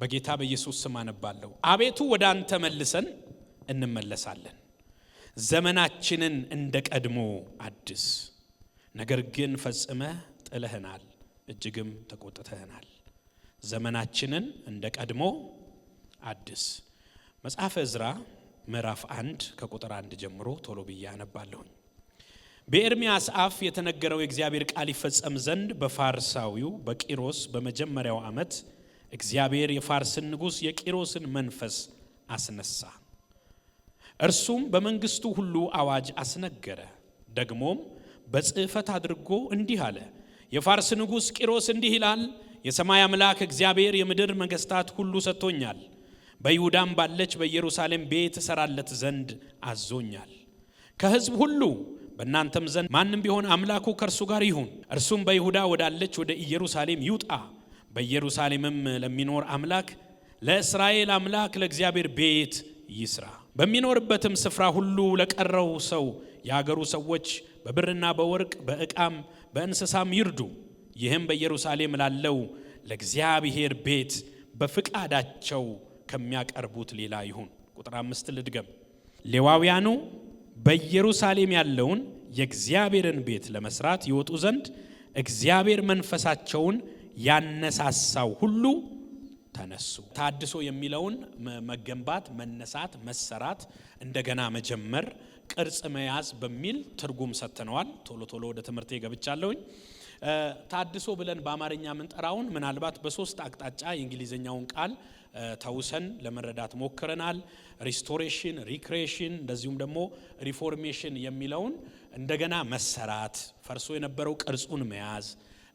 በጌታ በኢየሱስ ስም አነባለሁ። አቤቱ ወደ አንተ መልሰን እንመለሳለን፣ ዘመናችንን እንደ ቀድሞ አድስ። ነገር ግን ፈጽመ ጥለህናል፣ እጅግም ተቆጥተህናል። ዘመናችንን እንደ ቀድሞ አድስ። መጽሐፈ እዝራ ምዕራፍ አንድ ከቁጥር አንድ ጀምሮ ቶሎ ብዬ አነባለሁኝ። በኤርሚያስ አፍ የተነገረው የእግዚአብሔር ቃል ይፈጸም ዘንድ በፋርሳዊው በቂሮስ በመጀመሪያው ዓመት እግዚአብሔር የፋርስን ንጉሥ የቂሮስን መንፈስ አስነሳ። እርሱም በመንግስቱ ሁሉ አዋጅ አስነገረ። ደግሞም በጽህፈት አድርጎ እንዲህ አለ፣ የፋርስ ንጉሥ ቂሮስ እንዲህ ይላል፣ የሰማይ አምላክ እግዚአብሔር የምድር መንግሥታት ሁሉ ሰጥቶኛል። በይሁዳም ባለች በኢየሩሳሌም ቤት እሰራለት ዘንድ አዞኛል። ከህዝብ ሁሉ በእናንተም ዘንድ ማንም ቢሆን አምላኩ ከእርሱ ጋር ይሁን፣ እርሱም በይሁዳ ወዳለች ወደ ኢየሩሳሌም ይውጣ በኢየሩሳሌምም ለሚኖር አምላክ ለእስራኤል አምላክ ለእግዚአብሔር ቤት ይስራ። በሚኖርበትም ስፍራ ሁሉ ለቀረው ሰው የአገሩ ሰዎች በብርና በወርቅ በእቃም በእንስሳም ይርዱ። ይህም በኢየሩሳሌም ላለው ለእግዚአብሔር ቤት በፍቃዳቸው ከሚያቀርቡት ሌላ ይሁን። ቁጥር አምስት ልድገም። ሌዋውያኑ በኢየሩሳሌም ያለውን የእግዚአብሔርን ቤት ለመስራት ይወጡ ዘንድ እግዚአብሔር መንፈሳቸውን ያነሳሳው ሁሉ ተነሱ። ታድሶ የሚለውን መገንባት፣ መነሳት፣ መሰራት፣ እንደገና መጀመር፣ ቅርጽ መያዝ በሚል ትርጉም ሰጥተነዋል። ቶሎ ቶሎ ወደ ትምህርቴ ገብቻለውኝ ታድሶ ብለን በአማርኛ ምንጠራውን ምናልባት በሶስት አቅጣጫ የእንግሊዝኛውን ቃል ተውሰን ለመረዳት ሞክረናል። ሪስቶሬሽን፣ ሪክሬሽን እንደዚሁም ደግሞ ሪፎርሜሽን የሚለውን እንደገና መሰራት፣ ፈርሶ የነበረው ቅርጹን መያዝ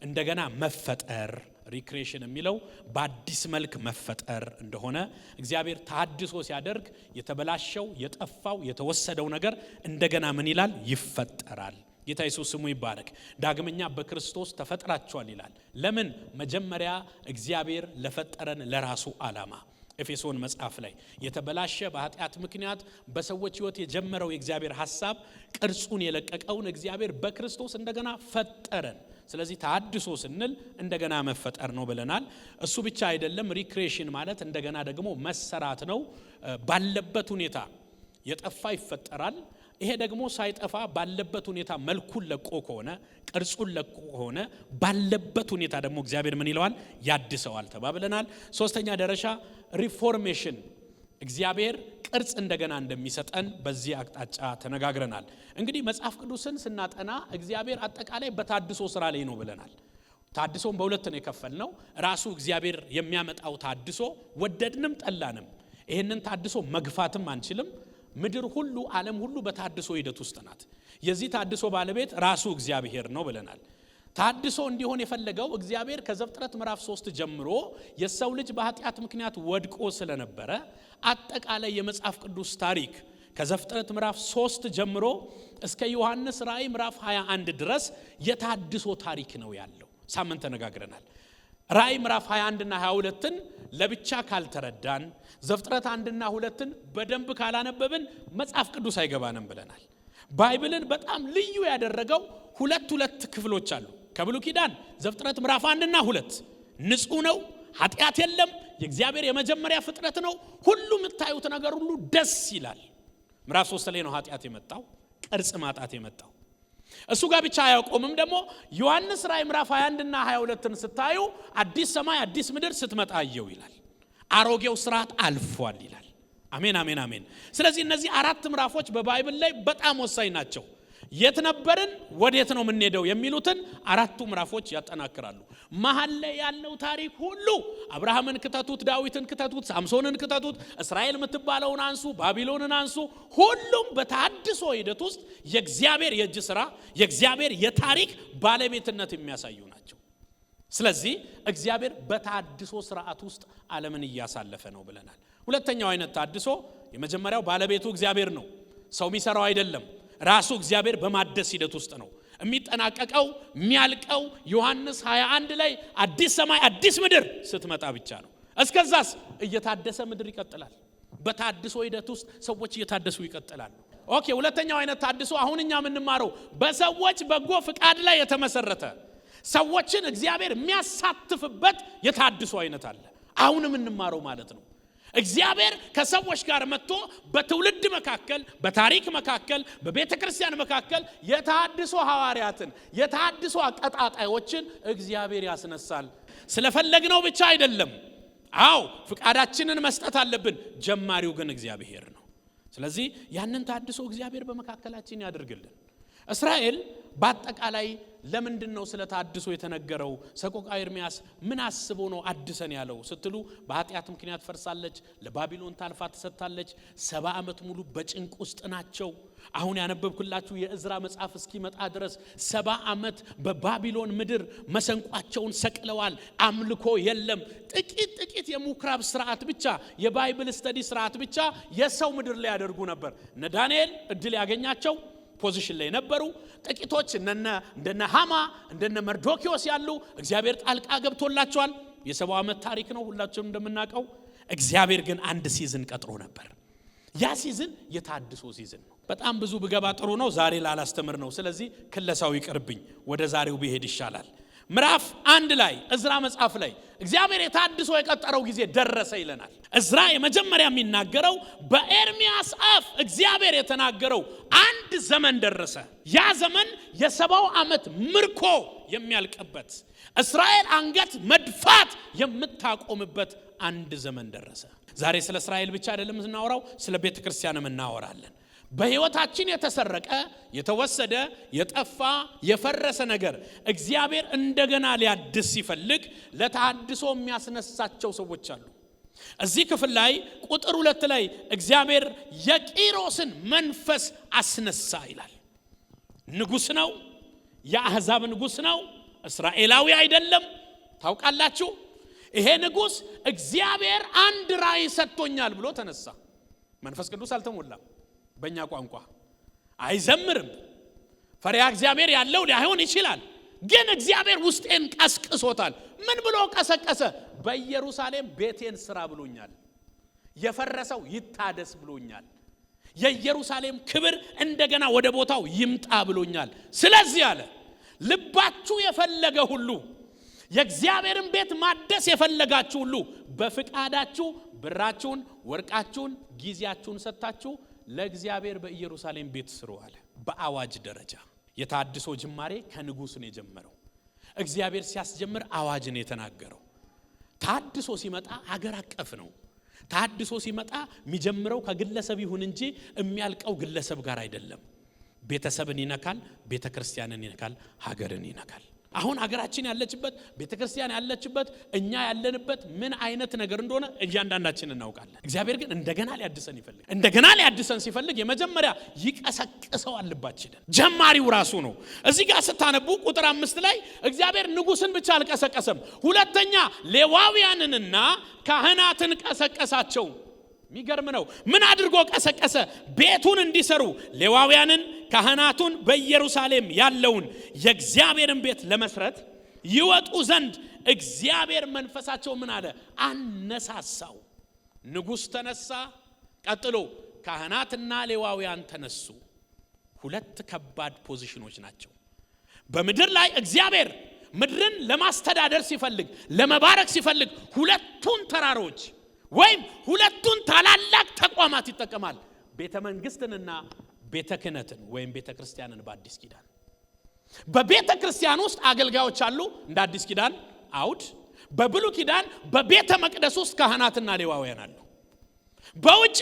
እንደገና መፈጠር ሪክሬሽን የሚለው በአዲስ መልክ መፈጠር እንደሆነ እግዚአብሔር ታድሶ ሲያደርግ የተበላሸው፣ የጠፋው፣ የተወሰደው ነገር እንደገና ምን ይላል? ይፈጠራል። ጌታ የሱስ ስሙ ይባረክ። ዳግመኛ በክርስቶስ ተፈጥራቸዋል ይላል። ለምን? መጀመሪያ እግዚአብሔር ለፈጠረን ለራሱ አላማ ኤፌሶን መጽሐፍ ላይ የተበላሸ በኃጢአት ምክንያት በሰዎች ህይወት የጀመረው የእግዚአብሔር ሀሳብ ቅርጹን የለቀቀውን እግዚአብሔር በክርስቶስ እንደገና ፈጠረን። ስለዚህ ታድሶ ስንል እንደገና መፈጠር ነው ብለናል። እሱ ብቻ አይደለም። ሪክሬሽን ማለት እንደገና ደግሞ መሰራት ነው። ባለበት ሁኔታ የጠፋ ይፈጠራል። ይሄ ደግሞ ሳይጠፋ ባለበት ሁኔታ መልኩን ለቆ ከሆነ ቅርጹን ለቆ ከሆነ ባለበት ሁኔታ ደግሞ እግዚአብሔር ምን ይለዋል? ያድሰዋል ተባብለናል። ሶስተኛ ደረጃ ሪፎርሜሽን እግዚአብሔር ቅርጽ እንደገና እንደሚሰጠን በዚህ አቅጣጫ ተነጋግረናል። እንግዲህ መጽሐፍ ቅዱስን ስናጠና እግዚአብሔር አጠቃላይ በታድሶ ስራ ላይ ነው ብለናል። ታድሶን በሁለት ነው የከፈል ነው። ራሱ እግዚአብሔር የሚያመጣው ታድሶ ወደድንም ጠላንም ይህንን ታድሶ መግፋትም አንችልም። ምድር ሁሉ ዓለም ሁሉ በታድሶ ሂደት ውስጥ ናት። የዚህ ታድሶ ባለቤት ራሱ እግዚአብሔር ነው ብለናል። ታድሶ እንዲሆን የፈለገው እግዚአብሔር ከዘፍጥረት ምዕራፍ ሶስት ጀምሮ የሰው ልጅ በኃጢአት ምክንያት ወድቆ ስለነበረ አጠቃላይ የመጽሐፍ ቅዱስ ታሪክ ከዘፍጥረት ምዕራፍ 3 ጀምሮ እስከ ዮሐንስ ራእይ ምዕራፍ 21 ድረስ የታድሶ ታሪክ ነው ያለው። ሳምንት ተነጋግረናል። ራእይ ምዕራፍ 21 እና 22ን ለብቻ ካልተረዳን ዘፍጥረት አንድና ሁለትን በደንብ ካላነበብን መጽሐፍ ቅዱስ አይገባንም ብለናል። ባይብልን በጣም ልዩ ያደረገው ሁለት ሁለት ክፍሎች አሉ። ከብሉ ኪዳን ዘፍጥረት ምዕራፍ አንድና ሁለት ንጹህ ነው፣ ኃጢአት የለም የእግዚአብሔር የመጀመሪያ ፍጥረት ነው። ሁሉ የምታዩት ነገር ሁሉ ደስ ይላል። ምዕራፍ ሶስት ላይ ነው ኃጢአት የመጣው ቅርጽ ማጣት የመጣው። እሱ ጋር ብቻ አያቆምም። ደግሞ ዮሐንስ ራይ ምራፍ 21 ና 22ን ስታዩ አዲስ ሰማይ አዲስ ምድር ስትመጣ አየው ይላል። አሮጌው ስርዓት አልፏል ይላል። አሜን አሜን አሜን። ስለዚህ እነዚህ አራት ምዕራፎች በባይብል ላይ በጣም ወሳኝ ናቸው። የት ነበርን፣ ወዴት ነው የምንሄደው የሚሉትን አራቱ ምዕራፎች ያጠናክራሉ። መሀል ላይ ያለው ታሪክ ሁሉ አብርሃምን ክተቱት፣ ዳዊትን ክተቱት፣ ሳምሶንን ክተቱት፣ እስራኤል የምትባለውን አንሱ፣ ባቢሎንን አንሱ። ሁሉም በታድሶ ሂደት ውስጥ የእግዚአብሔር የእጅ ስራ የእግዚአብሔር የታሪክ ባለቤትነት የሚያሳዩ ናቸው። ስለዚህ እግዚአብሔር በታድሶ ስርዓት ውስጥ ዓለምን እያሳለፈ ነው ብለናል። ሁለተኛው አይነት ታድሶ የመጀመሪያው ባለቤቱ እግዚአብሔር ነው፣ ሰው የሚሰራው አይደለም። ራሱ እግዚአብሔር በማደስ ሂደት ውስጥ ነው የሚጠናቀቀው የሚያልቀው ዮሐንስ 21 ላይ አዲስ ሰማይ አዲስ ምድር ስትመጣ ብቻ ነው። እስከዛስ እየታደሰ ምድር ይቀጥላል። በታድሶ ሂደት ውስጥ ሰዎች እየታደሱ ይቀጥላሉ። ኦኬ፣ ሁለተኛው አይነት ታድሶ አሁን እኛ የምንማረው በሰዎች በጎ ፍቃድ ላይ የተመሰረተ ሰዎችን እግዚአብሔር የሚያሳትፍበት የታድሶ አይነት አለ። አሁን የምንማረው ማለት ነው። እግዚአብሔር ከሰዎች ጋር መጥቶ በትውልድ መካከል በታሪክ መካከል በቤተ ክርስቲያን መካከል የተሃድሶ ሐዋርያትን የተሃድሶ አቀጣጣዮችን እግዚአብሔር ያስነሳል። ስለፈለግነው ብቻ አይደለም። አው ፍቃዳችንን መስጠት አለብን። ጀማሪው ግን እግዚአብሔር ነው። ስለዚህ ያንን ታድሶ እግዚአብሔር በመካከላችን ያደርግልን። እስራኤል በአጠቃላይ ለምንድን ነው ስለ ታድሶ የተነገረው? ሰቆቃ ኤርሚያስ ምን አስቦ ነው አድሰን ያለው ስትሉ በኃጢአት ምክንያት ፈርሳለች፣ ለባቢሎን ታልፋ ተሰጥታለች። ሰባ ዓመት ሙሉ በጭንቅ ውስጥ ናቸው። አሁን ያነበብኩላችሁ የእዝራ መጽሐፍ እስኪመጣ ድረስ ሰባ ዓመት በባቢሎን ምድር መሰንቋቸውን ሰቅለዋል። አምልኮ የለም። ጥቂት ጥቂት የሙክራብ ስርዓት ብቻ፣ የባይብል ስተዲ ስርዓት ብቻ የሰው ምድር ላይ ያደርጉ ነበር። ነዳንኤል እድል ያገኛቸው ፖዚሽን ላይ ነበሩ። ጥቂቶች እንደነ ሃማ እንደነ መርዶኪዎስ ያሉ እግዚአብሔር ጣልቃ ገብቶላቸዋል። የሰባ ዓመት ታሪክ ነው ሁላችንም እንደምናውቀው። እግዚአብሔር ግን አንድ ሲዝን ቀጥሮ ነበር። ያ ሲዝን የታድሶ ሲዝን ነው። በጣም ብዙ ብገባ ጥሩ ነው፣ ዛሬ ላላስተምር ነው። ስለዚህ ክለሳው ይቅርብኝ፣ ወደ ዛሬው ብሄድ ይሻላል። ምዕራፍ አንድ ላይ እዝራ መጽሐፍ ላይ እግዚአብሔር የታድሶ የቀጠረው ጊዜ ደረሰ ይለናል። እዝራ የመጀመሪያ የሚናገረው በኤርሚያስ አፍ እግዚአብሔር የተናገረው አንድ ዘመን ደረሰ። ያ ዘመን የሰባው ዓመት ምርኮ የሚያልቅበት እስራኤል አንገት መድፋት የምታቆምበት አንድ ዘመን ደረሰ። ዛሬ ስለ እስራኤል ብቻ አይደለም እናወራው፣ ስለ ቤተ ክርስቲያንም እናወራለን። በህይወታችን የተሰረቀ የተወሰደ የጠፋ የፈረሰ ነገር እግዚአብሔር እንደገና ሊያድስ ሲፈልግ ለተሃድሶ የሚያስነሳቸው ሰዎች አሉ። እዚህ ክፍል ላይ ቁጥር ሁለት ላይ እግዚአብሔር የቂሮስን መንፈስ አስነሳ ይላል። ንጉሥ ነው፣ የአሕዛብ ንጉሥ ነው፣ እስራኤላዊ አይደለም። ታውቃላችሁ፣ ይሄ ንጉሥ እግዚአብሔር አንድ ራእይ ሰጥቶኛል ብሎ ተነሳ። መንፈስ ቅዱስ አልተሞላም። በእኛ ቋንቋ አይዘምርም። ፈሪያ እግዚአብሔር ያለው ሊሆን ይችላል፣ ግን እግዚአብሔር ውስጤን ቀስቅሶታል። ምን ብሎ ቀሰቀሰ? በኢየሩሳሌም ቤቴን ስራ ብሎኛል። የፈረሰው ይታደስ ብሎኛል። የኢየሩሳሌም ክብር እንደገና ወደ ቦታው ይምጣ ብሎኛል። ስለዚህ አለ ልባችሁ የፈለገ ሁሉ የእግዚአብሔርን ቤት ማደስ የፈለጋችሁ ሁሉ በፍቃዳችሁ ብራችሁን፣ ወርቃችሁን፣ ጊዜያችሁን ሰጥታችሁ ለእግዚአብሔር በኢየሩሳሌም ቤት ስሩ አለ። በአዋጅ ደረጃ የታድሶ ጅማሬ ከንጉሥ ነው የጀመረው። እግዚአብሔር ሲያስጀምር አዋጅ ነው የተናገረው። ታድሶ ሲመጣ አገር አቀፍ ነው። ታድሶ ሲመጣ የሚጀምረው ከግለሰብ ይሁን እንጂ የሚያልቀው ግለሰብ ጋር አይደለም። ቤተሰብን ይነካል፣ ቤተ ክርስቲያንን ይነካል፣ ሀገርን ይነካል። አሁን አገራችን ያለችበት ቤተ ክርስቲያን ያለችበት እኛ ያለንበት ምን አይነት ነገር እንደሆነ እያንዳንዳችን እናውቃለን። እግዚአብሔር ግን እንደገና ሊያድሰን ይፈልግ እንደገና ሊያድሰን ሲፈልግ የመጀመሪያ ይቀሰቅሰው አልባችንን ጀማሪው ራሱ ነው። እዚህ ጋር ስታነቡ ቁጥር አምስት ላይ እግዚአብሔር ንጉስን ብቻ አልቀሰቀሰም፣ ሁለተኛ ሌዋውያንንና ካህናትን ቀሰቀሳቸው። የሚገርም ነው። ምን አድርጎ ቀሰቀሰ? ቤቱን እንዲሰሩ ሌዋውያንን፣ ካህናቱን በኢየሩሳሌም ያለውን የእግዚአብሔርን ቤት ለመስረት ይወጡ ዘንድ እግዚአብሔር መንፈሳቸው ምን አለ? አነሳሳው። ንጉሥ ተነሳ። ቀጥሎ ካህናትና ሌዋውያን ተነሱ። ሁለት ከባድ ፖዚሽኖች ናቸው በምድር ላይ እግዚአብሔር ምድርን ለማስተዳደር ሲፈልግ ለመባረክ ሲፈልግ ሁለቱን ተራሮች ወይም ሁለቱን ታላላቅ ተቋማት ይጠቀማል። ቤተ መንግስትንና ቤተ ክህነትን ወይም ቤተ ክርስቲያንን በአዲስ ኪዳን በቤተ ክርስቲያን ውስጥ አገልጋዮች አሉ። እንደ አዲስ ኪዳን አውድ በብሉ ኪዳን በቤተ መቅደስ ውስጥ ካህናትና ሌዋውያን አሉ። በውጪ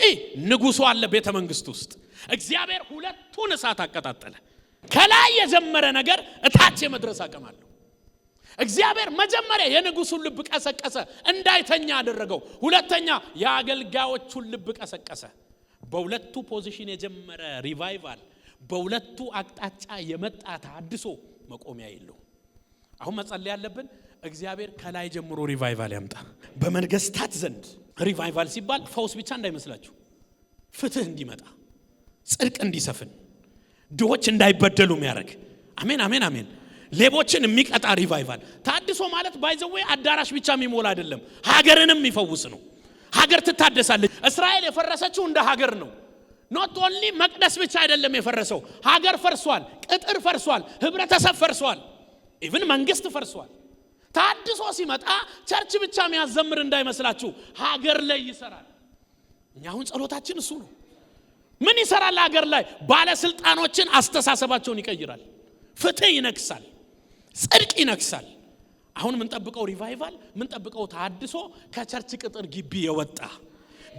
ንጉሱ አለ። ቤተ መንግስት ውስጥ እግዚአብሔር ሁለቱን እሳት አቀጣጠለ። ከላይ የጀመረ ነገር እታች የመድረስ አቅም አለው። እግዚአብሔር መጀመሪያ የንጉሱን ልብ ቀሰቀሰ፣ እንዳይተኛ አደረገው። ሁለተኛ የአገልጋዮቹን ልብ ቀሰቀሰ። በሁለቱ ፖዚሽን የጀመረ ሪቫይቫል፣ በሁለቱ አቅጣጫ የመጣ ታድሶ መቆሚያ የለው። አሁን መጸል ያለብን እግዚአብሔር ከላይ ጀምሮ ሪቫይቫል ያምጣ። በመንግስታት ዘንድ ሪቫይቫል ሲባል ፈውስ ብቻ እንዳይመስላችሁ፣ ፍትህ እንዲመጣ፣ ጽድቅ እንዲሰፍን፣ ድሆች እንዳይበደሉ የሚያደርግ አሜን፣ አሜን፣ አሜን ሌቦችን የሚቀጣ ሪቫይቫል። ታድሶ ማለት ባይዘዌ አዳራሽ ብቻ የሚሞላ አይደለም፣ ሀገርንም የሚፈውስ ነው። ሀገር ትታደሳለች። እስራኤል የፈረሰችው እንደ ሀገር ነው። ኖት ኦንሊ መቅደስ ብቻ አይደለም የፈረሰው። ሀገር ፈርሷል፣ ቅጥር ፈርሷል፣ ህብረተሰብ ፈርሷል፣ ኢቭን መንግስት ፈርሷል። ታድሶ ሲመጣ ቸርች ብቻ የሚያዘምር እንዳይመስላችሁ፣ ሀገር ላይ ይሰራል። እኛ አሁን ጸሎታችን እሱ ነው። ምን ይሰራል? ሀገር ላይ ባለስልጣኖችን አስተሳሰባቸውን ይቀይራል። ፍትህ ይነግሳል። ጽድቅ ይነግሳል። አሁን የምንጠብቀው ሪቫይቫል የምንጠብቀው ታድሶ ከቸርች ቅጥር ግቢ የወጣ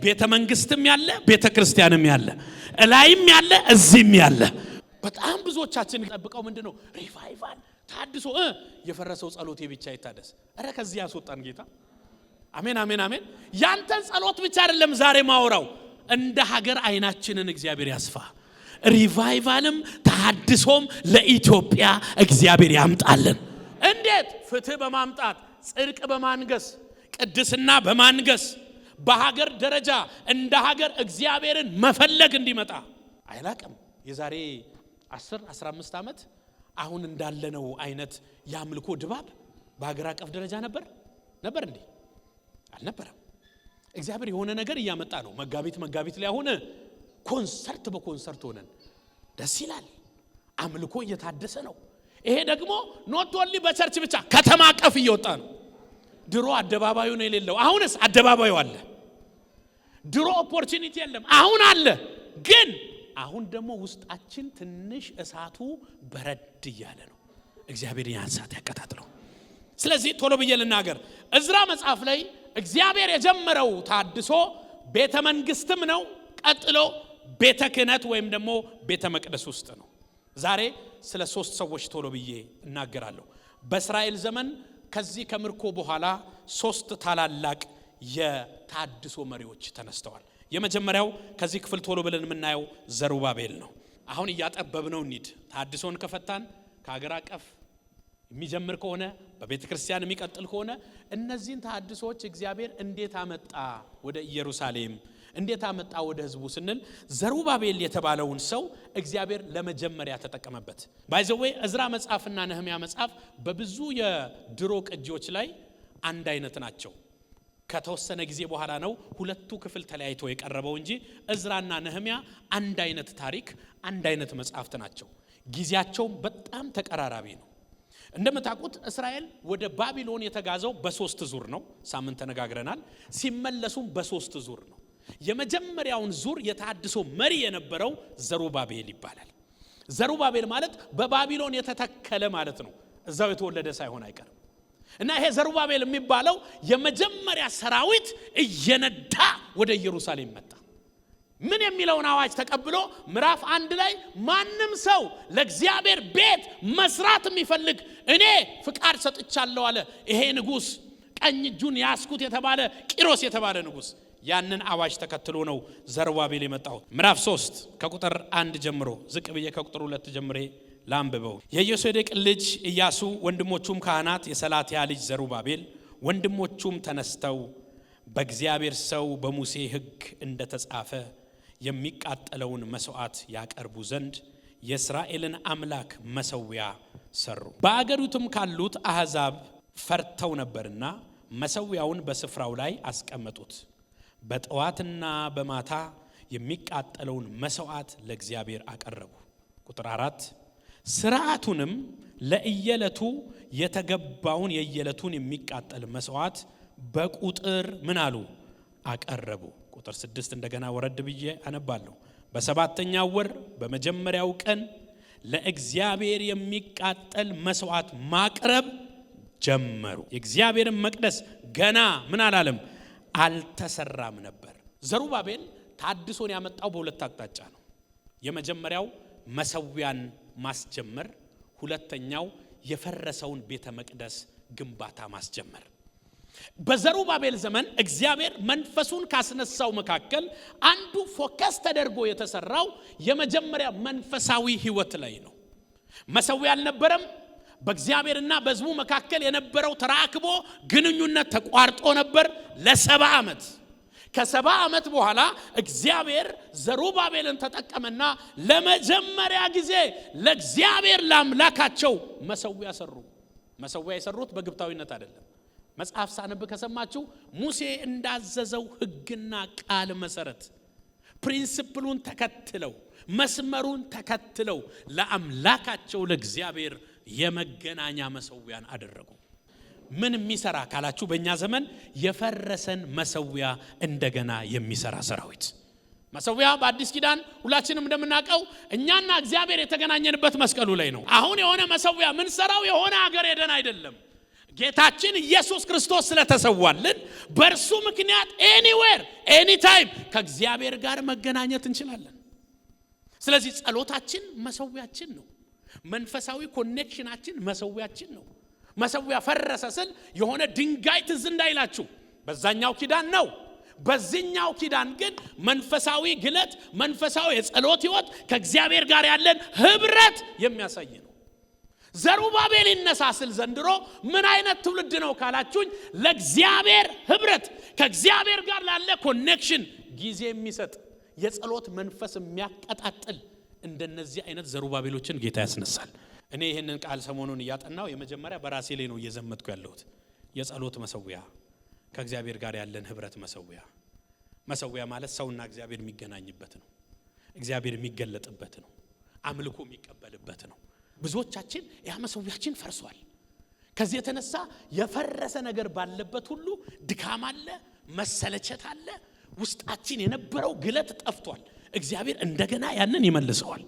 ቤተ መንግስትም ያለ ቤተ ክርስቲያንም ያለ እላይም ያለ እዚህም ያለ በጣም ብዙዎቻችን ጠብቀው ምንድነው ነው ሪቫይቫል ታድሶ የፈረሰው ጸሎቴ ብቻ ይታደስ። እረ ከዚህ ያስወጣን ጌታ። አሜን አሜን አሜን። ያንተን ጸሎት ብቻ አይደለም ዛሬ ማውራው እንደ ሀገር አይናችንን እግዚአብሔር ያስፋ። ሪቫይቫልም ተሃድሶም ለኢትዮጵያ እግዚአብሔር ያምጣልን። እንዴት? ፍትህ በማምጣት ጽድቅ በማንገስ ቅድስና በማንገስ በሀገር ደረጃ እንደ ሀገር እግዚአብሔርን መፈለግ እንዲመጣ አይላቅም። የዛሬ 10 15 ዓመት አሁን እንዳለነው አይነት የአምልኮ ድባብ በሀገር አቀፍ ደረጃ ነበር ነበር እንዴ? አልነበረም። እግዚአብሔር የሆነ ነገር እያመጣ ነው። መጋቢት መጋቢት ላይ አሁን ኮንሰርት በኮንሰርት ሆነን ደስ ይላል። አምልኮ እየታደሰ ነው። ይሄ ደግሞ ኖት ኦንሊ በቸርች ብቻ ከተማ አቀፍ እየወጣ ነው። ድሮ አደባባዩ ነው የሌለው፣ አሁንስ አደባባዩ አለ። ድሮ ኦፖርቹኒቲ የለም፣ አሁን አለ። ግን አሁን ደግሞ ውስጣችን ትንሽ እሳቱ በረድ እያለ ነው። እግዚአብሔር ያን እሳት ያቀጣጥለው። ስለዚህ ቶሎ ብዬ ልናገር፣ እዝራ መጽሐፍ ላይ እግዚአብሔር የጀመረው ታድሶ ቤተ መንግስትም ነው ቀጥሎ ቤተ ክህነት ወይም ደግሞ ቤተ መቅደስ ውስጥ ነው። ዛሬ ስለ ሶስት ሰዎች ቶሎ ብዬ እናገራለሁ። በእስራኤል ዘመን ከዚህ ከምርኮ በኋላ ሶስት ታላላቅ የታድሶ መሪዎች ተነስተዋል። የመጀመሪያው ከዚህ ክፍል ቶሎ ብለን የምናየው ዘሩባቤል ነው። አሁን እያጠበብነው እንሂድ። ታድሶን ከፈታን ከሀገር አቀፍ የሚጀምር ከሆነ በቤተ ክርስቲያን የሚቀጥል ከሆነ እነዚህን ታድሶዎች እግዚአብሔር እንዴት አመጣ ወደ ኢየሩሳሌም እንዴት አመጣ ወደ ህዝቡ ስንል ዘሩባቤል የተባለውን ሰው እግዚአብሔር ለመጀመሪያ ተጠቀመበት። ባይዘዌ እዝራ መጽሐፍና ነህሚያ መጽሐፍ በብዙ የድሮ ቅጂዎች ላይ አንድ አይነት ናቸው። ከተወሰነ ጊዜ በኋላ ነው ሁለቱ ክፍል ተለያይቶ የቀረበው እንጂ እዝራና ነህሚያ አንድ አይነት ታሪክ፣ አንድ አይነት መጽሐፍት ናቸው። ጊዜያቸውም በጣም ተቀራራቢ ነው። እንደምታውቁት እስራኤል ወደ ባቢሎን የተጋዘው በሶስት ዙር ነው። ሳምንት ተነጋግረናል። ሲመለሱም በሶስት ዙር ነው። የመጀመሪያውን ዙር የታድሶ መሪ የነበረው ዘሩባቤል ይባላል። ዘሩባቤል ማለት በባቢሎን የተተከለ ማለት ነው። እዛው የተወለደ ሳይሆን አይቀርም። እና ይሄ ዘሩባቤል የሚባለው የመጀመሪያ ሰራዊት እየነዳ ወደ ኢየሩሳሌም መጣ። ምን የሚለውን አዋጅ ተቀብሎ ምዕራፍ አንድ ላይ ማንም ሰው ለእግዚአብሔር ቤት መስራት የሚፈልግ እኔ ፍቃድ ሰጥቻለሁ አለ። ይሄ ንጉሥ ቀኝ እጁን ያስኩት የተባለ ቂሮስ የተባለ ንጉሥ ያንን አዋጅ ተከትሎ ነው ዘርባቤል የመጣው። ምዕራፍ 3 ከቁጥር አንድ ጀምሮ ዝቅ ብዬ ከቁጥር ሁለት ጀምሬ ላንብበው። የኢዮሴዴቅ ልጅ ኢያሱ፣ ወንድሞቹም ካህናት፣ የሰላትያ ልጅ ዘሩባቤል ወንድሞቹም ተነስተው በእግዚአብሔር ሰው በሙሴ ሕግ እንደተጻፈ የሚቃጠለውን መስዋዕት ያቀርቡ ዘንድ የእስራኤልን አምላክ መሰዊያ ሰሩ። በአገሪቱም ካሉት አሕዛብ ፈርተው ነበርና መሰዊያውን በስፍራው ላይ አስቀመጡት። በጠዋትና በማታ የሚቃጠለውን መሰዋዕት ለእግዚአብሔር አቀረቡ። ቁጥር አራት ስርዓቱንም ለእየለቱ የተገባውን የእየለቱን የሚቃጠል መስዋዕት በቁጥር ምን አሉ አቀረቡ። ቁጥር ስድስት እንደገና ወረድ ብዬ አነባለሁ። በሰባተኛው ወር በመጀመሪያው ቀን ለእግዚአብሔር የሚቃጠል መስዋዕት ማቅረብ ጀመሩ። የእግዚአብሔርን መቅደስ ገና ምን አላለም አልተሰራም ነበር። ዘሩባቤል ታድሶን ያመጣው በሁለት አቅጣጫ ነው። የመጀመሪያው መሰዊያን ማስጀመር፣ ሁለተኛው የፈረሰውን ቤተ መቅደስ ግንባታ ማስጀመር። በዘሩባቤል ዘመን እግዚአብሔር መንፈሱን ካስነሳው መካከል አንዱ ፎከስ ተደርጎ የተሰራው የመጀመሪያ መንፈሳዊ ሕይወት ላይ ነው። መሰዊያ አልነበረም። በእግዚአብሔርና በሕዝቡ መካከል የነበረው ተራክቦ ግንኙነት ተቋርጦ ነበር ለሰባ ዓመት። ከሰባ ዓመት በኋላ እግዚአብሔር ዘሩባቤልን ተጠቀመና ለመጀመሪያ ጊዜ ለእግዚአብሔር ለአምላካቸው መሰዊያ ሰሩ። መሰዊያ የሰሩት በግብታዊነት አይደለም። መጽሐፍ ሳነብ ከሰማችሁ ሙሴ እንዳዘዘው ህግና ቃል መሰረት ፕሪንስፕሉን ተከትለው መስመሩን ተከትለው ለአምላካቸው ለእግዚአብሔር የመገናኛ መሰዊያን አደረጉ። ምን የሚሰራ ካላችሁ በእኛ ዘመን የፈረሰን መሰዊያ እንደገና የሚሰራ ሰራዊት መሰዊያ በአዲስ ኪዳን ሁላችንም እንደምናውቀው እኛና እግዚአብሔር የተገናኘንበት መስቀሉ ላይ ነው። አሁን የሆነ መሰዊያ ምንሰራው የሆነ አገር ሄደን አይደለም። ጌታችን ኢየሱስ ክርስቶስ ስለተሰዋልን በእርሱ ምክንያት ኤኒዌር ኤኒታይም ከእግዚአብሔር ጋር መገናኘት እንችላለን። ስለዚህ ጸሎታችን መሰዊያችን ነው። መንፈሳዊ ኮኔክሽናችን መሰዊያችን ነው። መሰዊያ ፈረሰ ስል የሆነ ድንጋይ ትዝ እንዳይላችሁ በዛኛው ኪዳን ነው። በዚህኛው ኪዳን ግን መንፈሳዊ ግለት፣ መንፈሳዊ የጸሎት ህይወት፣ ከእግዚአብሔር ጋር ያለን ህብረት የሚያሳይ ነው። ዘሩባቤል ይነሳ ስል ዘንድሮ ምን አይነት ትውልድ ነው ካላችሁኝ፣ ለእግዚአብሔር ህብረት ከእግዚአብሔር ጋር ላለ ኮኔክሽን ጊዜ የሚሰጥ የጸሎት መንፈስ የሚያቀጣጥል እንደነዚህ አይነት ዘሩባቤሎችን ጌታ ያስነሳል። እኔ ይህንን ቃል ሰሞኑን እያጠናው የመጀመሪያ በራሴ ላይ ነው እየዘመትኩ ያለሁት። የጸሎት መሰዊያ፣ ከእግዚአብሔር ጋር ያለን ህብረት መሰዊያ። መሰዊያ ማለት ሰውና እግዚአብሔር የሚገናኝበት ነው። እግዚአብሔር የሚገለጥበት ነው። አምልኮ የሚቀበልበት ነው። ብዙዎቻችን ያ መሰዊያችን ፈርሷል። ከዚህ የተነሳ የፈረሰ ነገር ባለበት ሁሉ ድካም አለ፣ መሰለቸት አለ። ውስጣችን የነበረው ግለት ጠፍቷል። እግዚአብሔር እንደገና ያንን ይመልሰዋል።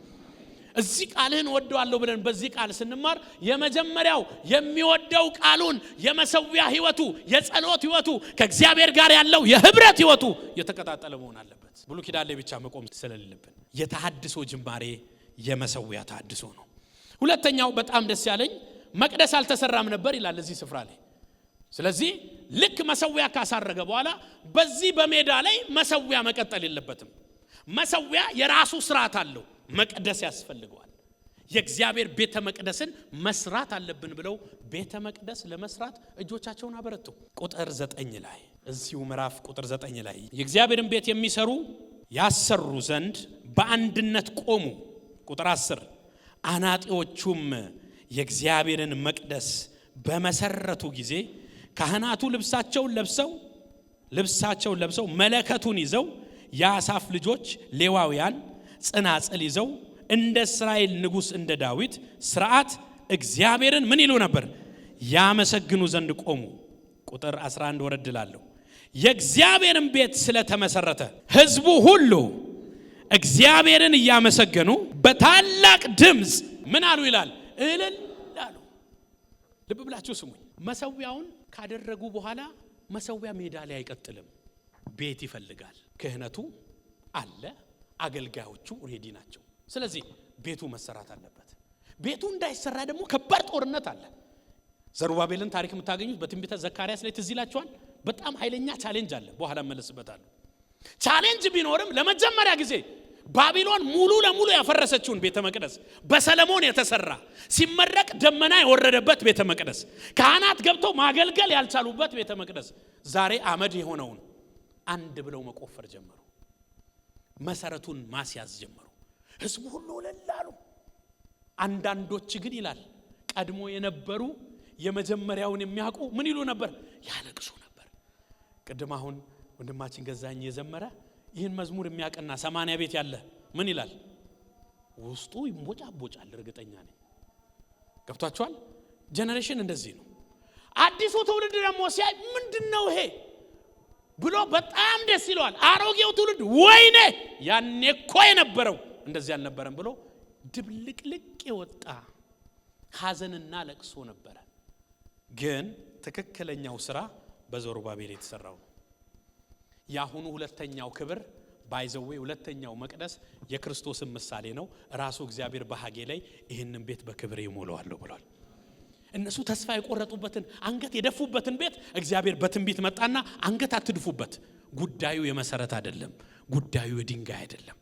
እዚህ ቃልህን ወደዋለሁ ብለን በዚህ ቃል ስንማር የመጀመሪያው የሚወደው ቃሉን የመሰዊያ ህይወቱ፣ የጸሎት ህይወቱ፣ ከእግዚአብሔር ጋር ያለው የህብረት ህይወቱ የተቀጣጠለ መሆን አለበት። ብሉ ኪዳሌ ብቻ መቆም ስለሌለብን የተሃድሶ ጅማሬ የመሰዊያ ተሃድሶ ነው። ሁለተኛው በጣም ደስ ያለኝ መቅደስ አልተሰራም ነበር ይላል እዚህ ስፍራ ላይ። ስለዚህ ልክ መሰዊያ ካሳረገ በኋላ በዚህ በሜዳ ላይ መሰዊያ መቀጠል የለበትም። መሰዊያ የራሱ ስርዓት አለው፣ መቅደስ ያስፈልገዋል። የእግዚአብሔር ቤተ መቅደስን መስራት አለብን ብለው ቤተ መቅደስ ለመስራት እጆቻቸውን አበረቱ። ቁጥር ዘጠኝ ላይ እዚሁ ምዕራፍ ቁጥር ዘጠኝ ላይ የእግዚአብሔርን ቤት የሚሰሩ ያሰሩ ዘንድ በአንድነት ቆሙ። ቁጥር አስር አናጢዎቹም የእግዚአብሔርን መቅደስ በመሰረቱ ጊዜ ካህናቱ ልብሳቸውን ለብሰው ልብሳቸውን ለብሰው መለከቱን ይዘው የአሳፍ ልጆች ሌዋውያን ጽናጽል ይዘው እንደ እስራኤል ንጉሥ እንደ ዳዊት ስርዓት እግዚአብሔርን ምን ይሉ ነበር? ያመሰግኑ ዘንድ ቆሙ። ቁጥር 11 ወረድላለሁ የእግዚአብሔርን ቤት ስለተመሰረተ ሕዝቡ ሁሉ እግዚአብሔርን እያመሰገኑ በታላቅ ድምፅ ምን አሉ ይላል? እልል አሉ። ልብ ብላችሁ ስሙኝ። መሰዊያውን ካደረጉ በኋላ መሰዊያ ሜዳ ላይ አይቀጥልም፣ ቤት ይፈልጋል። ክህነቱ አለ፣ አገልጋዮቹ ሬዲ ናቸው። ስለዚህ ቤቱ መሰራት አለበት። ቤቱ እንዳይሰራ ደግሞ ከባድ ጦርነት አለ። ዘሩባቤልን ታሪክ የምታገኙት በትንቢተ ዘካርያስ ላይ ትዝ ይላችኋል። በጣም ኃይለኛ ቻሌንጅ አለ። በኋላ እመለስበታለሁ። ቻሌንጅ ቢኖርም ለመጀመሪያ ጊዜ ባቢሎን ሙሉ ለሙሉ ያፈረሰችውን ቤተ መቅደስ በሰለሞን የተሰራ ሲመረቅ ደመና የወረደበት ቤተ መቅደስ ካህናት ገብተው ማገልገል ያልቻሉበት ቤተ መቅደስ ዛሬ አመድ የሆነውን አንድ ብለው መቆፈር ጀመሩ። መሰረቱን ማስያዝ ጀመሩ። ህዝቡ ሁሉ ለላሉ? አሉ። አንዳንዶች ግን ይላል ቀድሞ የነበሩ የመጀመሪያውን የሚያውቁ ምን ይሉ ነበር? ያለቅሱ ነበር። ቅድም አሁን ወንድማችን ገዛኝ የዘመረ ይህን መዝሙር የሚያቀና ሰማንያ ቤት ያለ ምን ይላል? ውስጡ ይንቦጫቦጫል። እርግጠኛ ነኝ። ገብቷችኋል? ጀኔሬሽን እንደዚህ ነው። አዲሱ ትውልድ ደግሞ ሲያይ ምንድን ነው ይሄ ብሎ በጣም ደስ ይለዋል። አሮጌው ትውልድ ወይኔ ያኔ እኮ የነበረው እንደዚህ አልነበረም ብሎ ድብልቅልቅ የወጣ ሀዘንና ለቅሶ ነበረ። ግን ትክክለኛው ስራ በዘሩባቤል የተሰራው ነው። የአሁኑ ሁለተኛው ክብር ባይዘዌ ሁለተኛው መቅደስ የክርስቶስን ምሳሌ ነው። ራሱ እግዚአብሔር በሀጌ ላይ ይህንን ቤት በክብር ይሞለዋለሁ ብሏል። እነሱ ተስፋ የቆረጡበትን አንገት የደፉበትን ቤት እግዚአብሔር በትንቢት መጣና አንገት አትድፉበት፣ ጉዳዩ የመሰረት አይደለም፣ ጉዳዩ የድንጋይ አይደለም።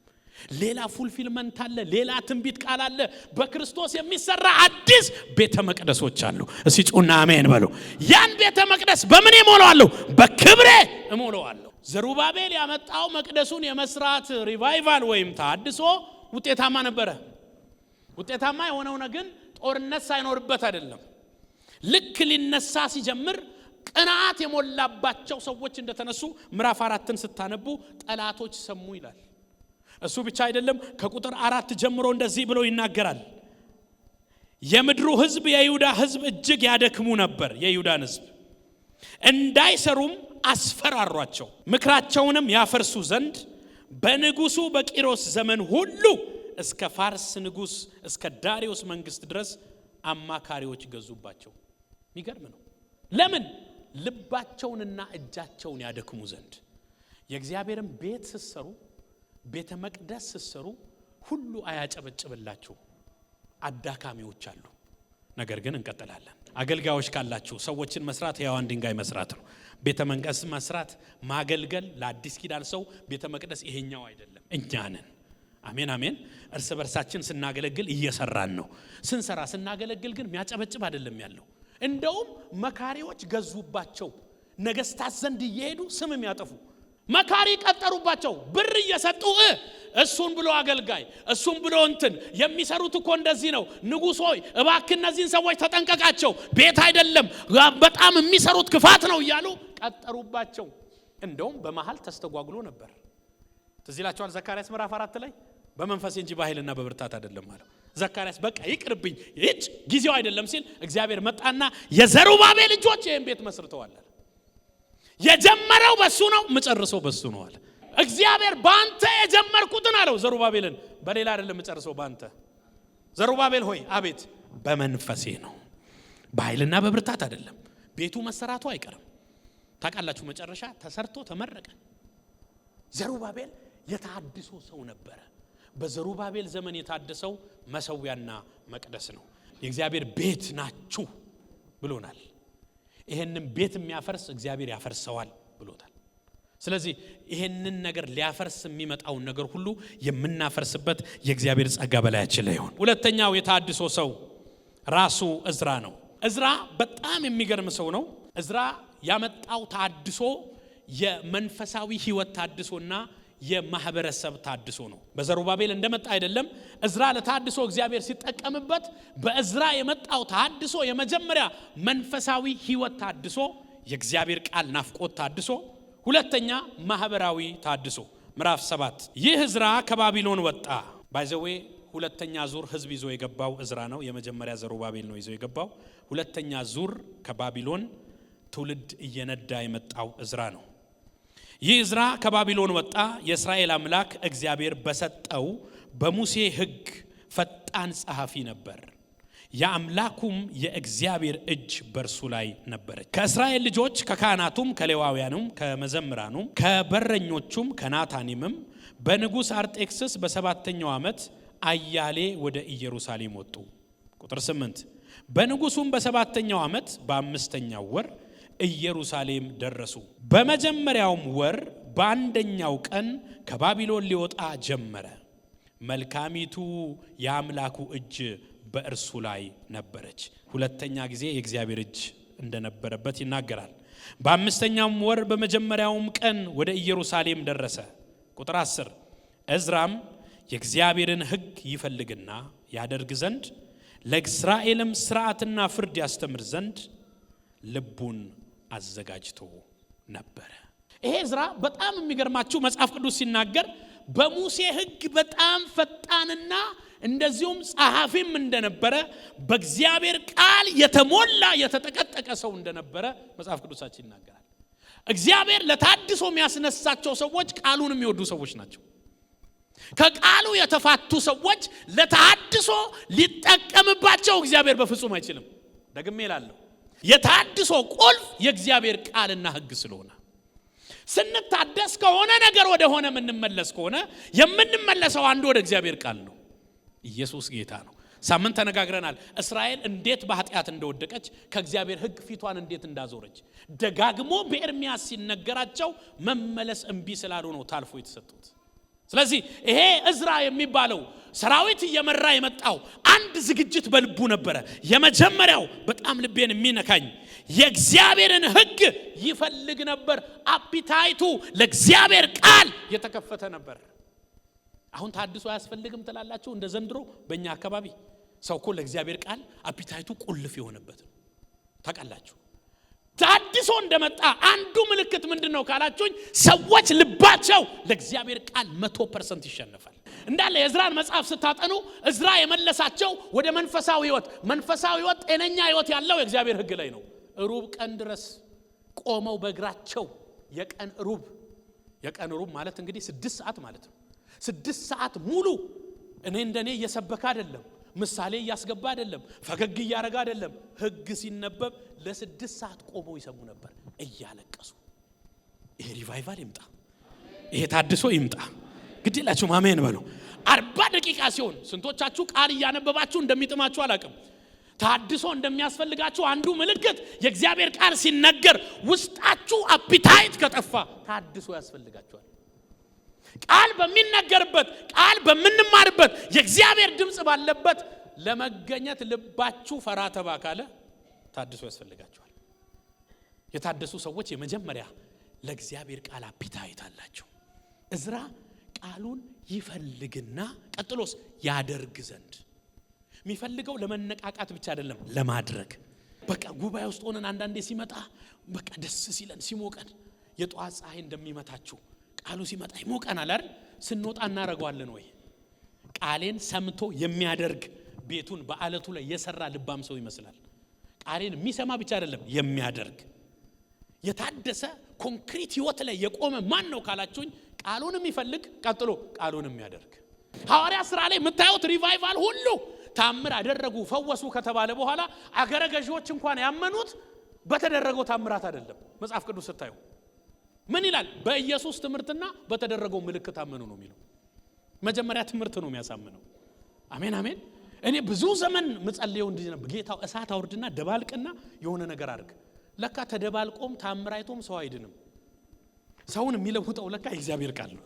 ሌላ ፉልፊልመንት አለ፣ ሌላ ትንቢት ቃል አለ። በክርስቶስ የሚሰራ አዲስ ቤተ መቅደሶች አሉ። እስቲ ጩና አሜን በሉ። ያን ቤተ መቅደስ በምን እሞላዋለሁ? በክብሬ እሞለዋለሁ ዘሩባቤል ያመጣው መቅደሱን የመስራት ሪቫይቫል ወይም ታድሶ ውጤታማ ነበረ። ውጤታማ የሆነው ግን ጦርነት ሳይኖርበት አይደለም። ልክ ሊነሳ ሲጀምር ቅናት የሞላባቸው ሰዎች እንደተነሱ ምዕራፍ አራትን ስታነቡ ጠላቶች ሰሙ ይላል። እሱ ብቻ አይደለም። ከቁጥር አራት ጀምሮ እንደዚህ ብሎ ይናገራል። የምድሩ ህዝብ የይሁዳ ህዝብ እጅግ ያደክሙ ነበር። የይሁዳን ህዝብ እንዳይሰሩም አስፈራሯቸው። ምክራቸውንም ያፈርሱ ዘንድ በንጉሱ በቂሮስ ዘመን ሁሉ እስከ ፋርስ ንጉስ እስከ ዳሪዮስ መንግስት ድረስ አማካሪዎች ገዙባቸው። የሚገርም ነው። ለምን ልባቸውንና እጃቸውን ያደክሙ ዘንድ የእግዚአብሔርን ቤት ስሰሩ፣ ቤተ መቅደስ ስሰሩ ሁሉ አያጨበጭብላችሁ አዳካሚዎች አሉ። ነገር ግን እንቀጥላለን። አገልጋዮች ካላችሁ ሰዎችን መስራት ያዋን ድንጋይ መስራት ነው። ቤተ መንቀስ መስራት ማገልገል ለአዲስ ኪዳን ሰው ቤተ መቅደስ ይሄኛው አይደለም፣ እኛ ነን። አሜን አሜን። እርስ በርሳችን ስናገለግል እየሰራን ነው። ስንሰራ ስናገለግል ግን የሚያጨበጭብ አይደለም ያለው እንደውም መካሪዎች ገዙባቸው። ነገስታት ዘንድ እየሄዱ ስም የሚያጠፉ መካሪ ቀጠሩባቸው። ብር እየሰጡ እሱን ብሎ አገልጋይ እሱን ብሎ እንትን የሚሰሩት እኮ እንደዚህ ነው። ንጉሥ ሆይ እባክ እነዚህን ሰዎች ተጠንቀቃቸው፣ ቤት አይደለም በጣም የሚሰሩት ክፋት ነው እያሉ ቀጠሩባቸው። እንደውም በመሀል ተስተጓጉሎ ነበር። ትዚላቸዋል ዘካርያስ ምራፍ አራት ላይ በመንፈሴ እንጂ በኃይልና በብርታት አይደለም አለው። ዘካርያስ በቃ ይቅርብኝ ይጭ ጊዜው አይደለም ሲል እግዚአብሔር መጣና የዘሩባቤ ልጆች ይህን ቤት መስርተዋል። የጀመረው በሱ ነው፣ ምጨርሰው በሱ ነው አለ እግዚአብሔር። በአንተ የጀመርኩትን አለው ዘሩባቤልን፣ በሌላ አይደለም ምጨርሰው በአንተ ዘሩባቤል ሆይ አቤት፣ በመንፈሴ ነው በኃይልና በብርታት አይደለም። ቤቱ መሰራቱ አይቀርም። ታቃላችሁ መጨረሻ ተሰርቶ ተመረቀ። ዘሩባቤል የተሃድሶ ሰው ነበረ። በዘሩባቤል ዘመን የታደሰው መሰዊያና መቅደስ ነው። የእግዚአብሔር ቤት ናችሁ ብሎናል። ይህንም ቤት የሚያፈርስ እግዚአብሔር ያፈርሰዋል ብሎታል። ስለዚህ ይህንን ነገር ሊያፈርስ የሚመጣውን ነገር ሁሉ የምናፈርስበት የእግዚአብሔር ጸጋ በላያችን ላይ ይሆን። ሁለተኛው የታድሶ ሰው ራሱ እዝራ ነው። እዝራ በጣም የሚገርም ሰው ነው። እዝራ ያመጣው ታድሶ የመንፈሳዊ ህይወት ታድሶና የማህበረሰብ ታድሶ ነው። በዘሩባቤል እንደመጣ አይደለም። እዝራ ለታድሶ እግዚአብሔር ሲጠቀምበት በእዝራ የመጣው ታድሶ የመጀመሪያ መንፈሳዊ ህይወት ታድሶ፣ የእግዚአብሔር ቃል ናፍቆት ታድሶ፣ ሁለተኛ ማህበራዊ ታድሶ። ምዕራፍ ሰባት ይህ እዝራ ከባቢሎን ወጣ። ባይዘዌ ሁለተኛ ዙር ህዝብ ይዞ የገባው እዝራ ነው። የመጀመሪያ ዘሩባቤል ነው ይዞ የገባው። ሁለተኛ ዙር ከባቢሎን ትውልድ እየነዳ የመጣው እዝራ ነው። ይህ ዕዝራ ከባቢሎን ወጣ። የእስራኤል አምላክ እግዚአብሔር በሰጠው በሙሴ ህግ ፈጣን ጸሐፊ ነበር። የአምላኩም የእግዚአብሔር እጅ በእርሱ ላይ ነበረች። ከእስራኤል ልጆች ከካህናቱም፣ ከሌዋውያኑም፣ ከመዘምራኑም፣ ከበረኞቹም፣ ከናታኒምም በንጉሥ አርጤክስስ በሰባተኛው ዓመት አያሌ ወደ ኢየሩሳሌም ወጡ። ቁጥር ስምንት በንጉሱም በሰባተኛው ዓመት በአምስተኛው ወር ኢየሩሳሌም ደረሱ። በመጀመሪያውም ወር በአንደኛው ቀን ከባቢሎን ሊወጣ ጀመረ። መልካሚቱ የአምላኩ እጅ በእርሱ ላይ ነበረች። ሁለተኛ ጊዜ የእግዚአብሔር እጅ እንደነበረበት ይናገራል። በአምስተኛውም ወር በመጀመሪያውም ቀን ወደ ኢየሩሳሌም ደረሰ። ቁጥር አስር እዝራም የእግዚአብሔርን ሕግ ይፈልግና ያደርግ ዘንድ ለእስራኤልም ስርዓትና ፍርድ ያስተምር ዘንድ ልቡን አዘጋጅቶ ነበረ። ይሄ ዕዝራ በጣም የሚገርማችሁ መጽሐፍ ቅዱስ ሲናገር በሙሴ ሕግ በጣም ፈጣንና እንደዚሁም ጸሐፊም እንደነበረ በእግዚአብሔር ቃል የተሞላ የተጠቀጠቀ ሰው እንደነበረ መጽሐፍ ቅዱሳችን ይናገራል። እግዚአብሔር ለታድሶ የሚያስነሳቸው ሰዎች ቃሉን የሚወዱ ሰዎች ናቸው። ከቃሉ የተፋቱ ሰዎች ለታድሶ ሊጠቀምባቸው እግዚአብሔር በፍጹም አይችልም። ደግሜ እላለሁ የታድሶ ቁልፍ የእግዚአብሔር ቃልና ህግ ስለሆነ ስንታደስ ከሆነ ነገር ወደ ሆነ የምንመለስ ከሆነ የምንመለሰው አንዱ ወደ እግዚአብሔር ቃል ነው። ኢየሱስ ጌታ ነው። ሳምንት ተነጋግረናል። እስራኤል እንዴት በኃጢአት እንደወደቀች ከእግዚአብሔር ህግ ፊቷን እንዴት እንዳዞረች ደጋግሞ በኤርሚያስ ሲነገራቸው መመለስ እምቢ ስላሉ ነው ታልፎ የተሰጡት። ስለዚህ ይሄ እዝራ የሚባለው ሰራዊት እየመራ የመጣው አንድ ዝግጅት በልቡ ነበረ። የመጀመሪያው በጣም ልቤን የሚነካኝ የእግዚአብሔርን ህግ ይፈልግ ነበር። አፒታይቱ ለእግዚአብሔር ቃል የተከፈተ ነበር። አሁን ታድሶ አያስፈልግም ትላላችሁ? እንደ ዘንድሮ በእኛ አካባቢ ሰው እኮ ለእግዚአብሔር ቃል አፒታይቱ ቁልፍ የሆነበት ነው። ታውቃላችሁ ታድሶ እንደመጣ አንዱ ምልክት ምንድን ነው ካላችሁኝ፣ ሰዎች ልባቸው ለእግዚአብሔር ቃል መቶ ፐርሰንት ይሸነፋል። እንዳለ የእዝራን መጽሐፍ ስታጠኑ እዝራ የመለሳቸው ወደ መንፈሳዊ ህይወት፣ መንፈሳዊ ህይወት ጤነኛ ህይወት ያለው የእግዚአብሔር ህግ ላይ ነው። ሩብ ቀን ድረስ ቆመው በእግራቸው የቀን ሩብ የቀን ሩብ ማለት እንግዲህ ስድስት ሰዓት ማለት ነው። ስድስት ሰዓት ሙሉ እኔ እንደኔ እየሰበከ አይደለም ምሳሌ እያስገባ አይደለም፣ ፈገግ እያደረገ አይደለም። ህግ ሲነበብ ለስድስት ሰዓት ቆመው ይሰሙ ነበር እያለቀሱ። ይሄ ሪቫይቫል ይምጣ፣ ይሄ ታድሶ ይምጣ። ግዴላችሁ ማመን በለው። አርባ ደቂቃ ሲሆን ስንቶቻችሁ ቃል እያነበባችሁ እንደሚጥማችሁ አላቅም። ታድሶ እንደሚያስፈልጋችሁ አንዱ ምልክት የእግዚአብሔር ቃል ሲነገር ውስጣችሁ አፒታይት ከጠፋ ታድሶ ያስፈልጋችኋል። ቃል በሚነገርበት ቃል በምንማርበት የእግዚአብሔር ድምፅ ባለበት ለመገኘት ልባችሁ ፈራ ተባ ካለ ታድሶ ያስፈልጋቸዋል። የታደሱ ሰዎች የመጀመሪያ ለእግዚአብሔር ቃል አፒታ ይታላቸው። እዝራ ቃሉን ይፈልግና ቀጥሎስ ያደርግ ዘንድ የሚፈልገው ለመነቃቃት ብቻ አይደለም፣ ለማድረግ በቃ ጉባኤ ውስጥ ሆነን አንዳንዴ ሲመጣ በቃ ደስ ሲለን ሲሞቀን የጠዋት ፀሐይ እንደሚመታችሁ ቃሉ ሲመጣ ይሞቀናል አይደል? ስንወጣ እናደረገዋለን ወይ? ቃሌን ሰምቶ የሚያደርግ ቤቱን በአለቱ ላይ የሰራ ልባም ሰው ይመስላል። ቃሌን የሚሰማ ብቻ አይደለም የሚያደርግ የታደሰ ኮንክሪት ህይወት ላይ የቆመ ማን ነው ካላችሁኝ፣ ቃሉን የሚፈልግ ቀጥሎ ቃሉን የሚያደርግ ሐዋርያ ስራ ላይ የምታዩት ሪቫይቫል ሁሉ ታምር አደረጉ ፈወሱ ከተባለ በኋላ አገረ ገዢዎች እንኳን ያመኑት በተደረገው ታምራት አይደለም። መጽሐፍ ቅዱስ ስታዩ ምን ይላል? በኢየሱስ ትምህርትና በተደረገው ምልክት አመኑ ነው የሚለው። መጀመሪያ ትምህርት ነው የሚያሳምነው። አሜን አሜን። እኔ ብዙ ዘመን ምጸልየው እንዲህ ነበር፣ ጌታው እሳት አውርድና ደባልቅና የሆነ ነገር አድርግ። ለካ ተደባልቆም ታምራይቶም ሰው አይድንም። ሰውን የሚለውጠው ለካ የእግዚአብሔር ቃል ነው።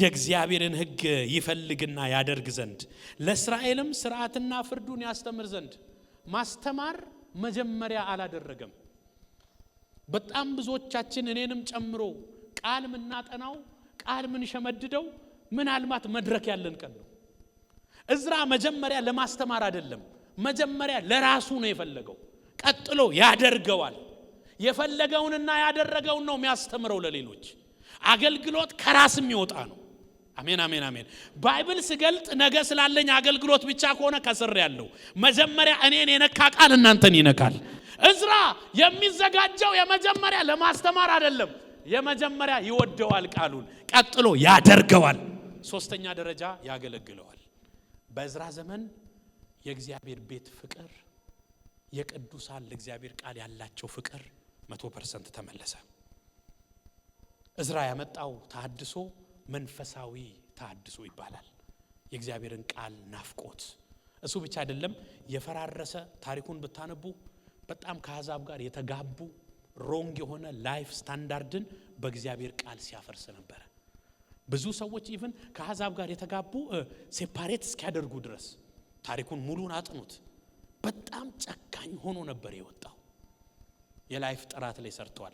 የእግዚአብሔርን ህግ ይፈልግና ያደርግ ዘንድ ለእስራኤልም ስርዓትና ፍርዱን ያስተምር ዘንድ ማስተማር መጀመሪያ አላደረገም። በጣም ብዙዎቻችን እኔንም ጨምሮ ቃል ምናጠናው ቃል ምንሸመድደው ምናልባት መድረክ ያለን ቀን ነው። እዝራ መጀመሪያ ለማስተማር አይደለም፣ መጀመሪያ ለራሱ ነው የፈለገው። ቀጥሎ ያደርገዋል። የፈለገውንና ያደረገውን ነው የሚያስተምረው ለሌሎች። አገልግሎት ከራስ የሚወጣ ነው። አሜን፣ አሜን፣ አሜን። ባይብል ስገልጥ ነገ ስላለኝ አገልግሎት ብቻ ከሆነ ከስር ያለው መጀመሪያ እኔን የነካ ቃል እናንተን ይነካል። እዝራ የሚዘጋጀው የመጀመሪያ ለማስተማር አይደለም። የመጀመሪያ ይወደዋል ቃሉን፣ ቀጥሎ ያደርገዋል፣ ሶስተኛ ደረጃ ያገለግለዋል። በእዝራ ዘመን የእግዚአብሔር ቤት ፍቅር፣ የቅዱሳን ለእግዚአብሔር ቃል ያላቸው ፍቅር መቶ ፐርሰንት ተመለሰ። እዝራ ያመጣው ተሃድሶ መንፈሳዊ ተሃድሶ ይባላል። የእግዚአብሔርን ቃል ናፍቆት እሱ ብቻ አይደለም። የፈራረሰ ታሪኩን ብታነቡ በጣም ከአሕዛብ ጋር የተጋቡ ሮንግ የሆነ ላይፍ ስታንዳርድን በእግዚአብሔር ቃል ሲያፈርስ ነበረ። ብዙ ሰዎች ኢቨን ከአሕዛብ ጋር የተጋቡ ሴፓሬት እስኪያደርጉ ድረስ ታሪኩን ሙሉን አጥኑት። በጣም ጨካኝ ሆኖ ነበር የወጣው። የላይፍ ጥራት ላይ ሰርተዋል።